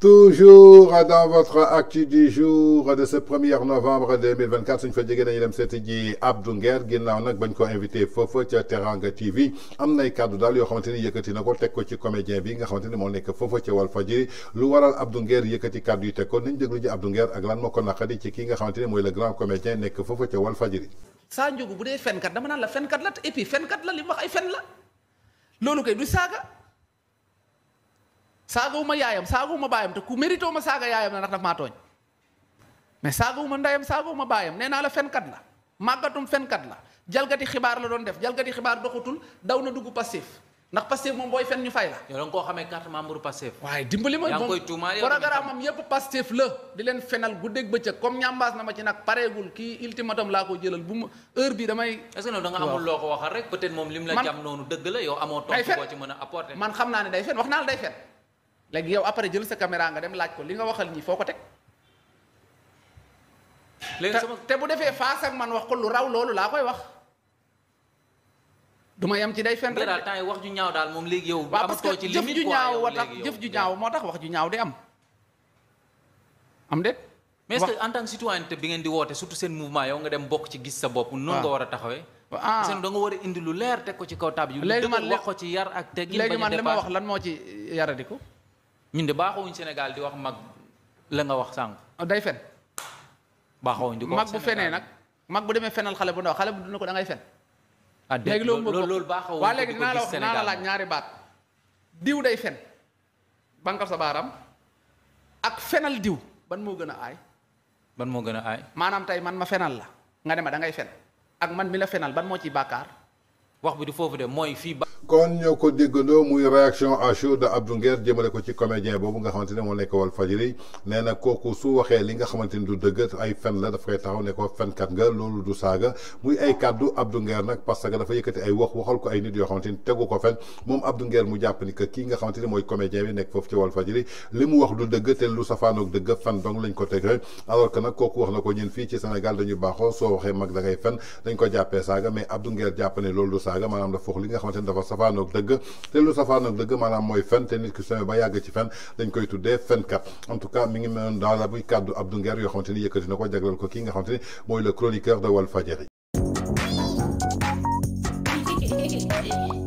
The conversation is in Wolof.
toujours dans votre actu du jour de ce 1er novembre 2024 suñ fa jegee nañu dem seeti ji Abdou Nguer nag bañ ko invité foofa ca Teranga TV am nay kàddu daal yoo xamante ni na ko teg ko ci comédien bi nga xamante ni moo nekk foofa ca Walfadjri lu waral Abdou Nguer yëkkati kàddu yi teg ko nañ déglu ji Abdou ak lan moo ko naqadi ci kii nga xamante ni mooy le grand comédien nekk foofa ca Walfadjri saa njógu bu dee fenkat dama saagawuma yaayam saagawuma baayam te ku mérito ma saaga yaayam la ndax daf maa tooñ mais saagawuma ndeyam saagawuma baayam nee naa la fenkat la màggatum fenkat la jalgati xibaar la doon def jalgati xibaar doxatul daw na dugg passif ndax Pastef moom booy fen ñu fay la. yow da nga koo xamee carte membre Pastef. waaye dimbali ma moom programme am yëpp Pastef la. di leen fenal guddeeg bëccëg comme ñambaas na ma ci nag pareegul kii ultimatum laa ko jëlal bu mu heure bi damay. est-ce que da nga amul loo ko waxal rek a man xam naa ne day fen wax na la léegi yow après jël sa caméra nga dem laaj ko li nga waxal ñi foo ko teg. léegi sama te bu defee face ak man wax ko lu raw loolu laa koy wax. duma yam ci day fen rek daal temps yi wax ju ñaaw daal moom léegi yow. parce que ci limite ju ñaaw wa tax jëf ju ñaaw moo tax wax ju ñaaw di am. am de mais est-ce que en tant bi ngeen di woote surtout seen mouvement yow nga dem bokk ci gis sa bopp. noonu nga war a taxawee. ah seen da nga war a indi lu leer teg ko ci kaw taab yu. léegi man wax ko ci yar ak teggin. léegi man li ma wax moo ci yaradiku ñun de baaxawuñ Sénégal di wax mag la nga wax sànq. Ah, day fen. baaxoowuñ di ko mag nag mag bu demee fenal xale bu ndaw xale bu dund ko dangay ngay fen. ah dégg loolu loolu baaxoowuñ waa léegi dinaa la wax dinaa ñaari baat. diw day fen. bànqal baaram. ak fenal diw ban moo gën a aay. ban moo gën a aay. maanaam tey man ma fenal la. nga dema ma da ngay fen. ak man mi la fenal ban moo ciy bàkkaar. wax bi du foofu de mooy fii ba. kon ñoo ko déggandoo muy réaction à de Abdou jëmale ko ci comédien boobu nga xamante ne moo nekk wal fajiri nee na kooku su waxee li nga xamante ni du dëgg ay fen la daf koy taxaw ne ko fenkat nga loolu du saaga muy ay kàddu Abdou Nguer nag parce que dafa yëkkati ay wax waxal ko ay nit yoo xamante ni tegu ko fen moom Abdou mu jàpp ni que kii nga xamante ni mooy comédien bi nekk foofu ci wal fajiri li mu wax ko tegee alors que nag kooku wax na ko ñun fii ci Sénégal dañu baaxoo soo waxee mag da ngay fen dañ ko jàppee saaga mais Abdou Nguer jàpp saaga maanaam dafa wax li nga xamante ni dafa safaanoog dëgg te lu safaanoog dëgg maanaam mooy fen te nit ki su ba yàgg ci fen dañ koy tuddee fenkat en tout cas mi ngi mel dans buy kàddu Abdou yoo xamante yëkkati na ko jaglal ko kii nga xamante mooy le chroniqueur de Walfadjri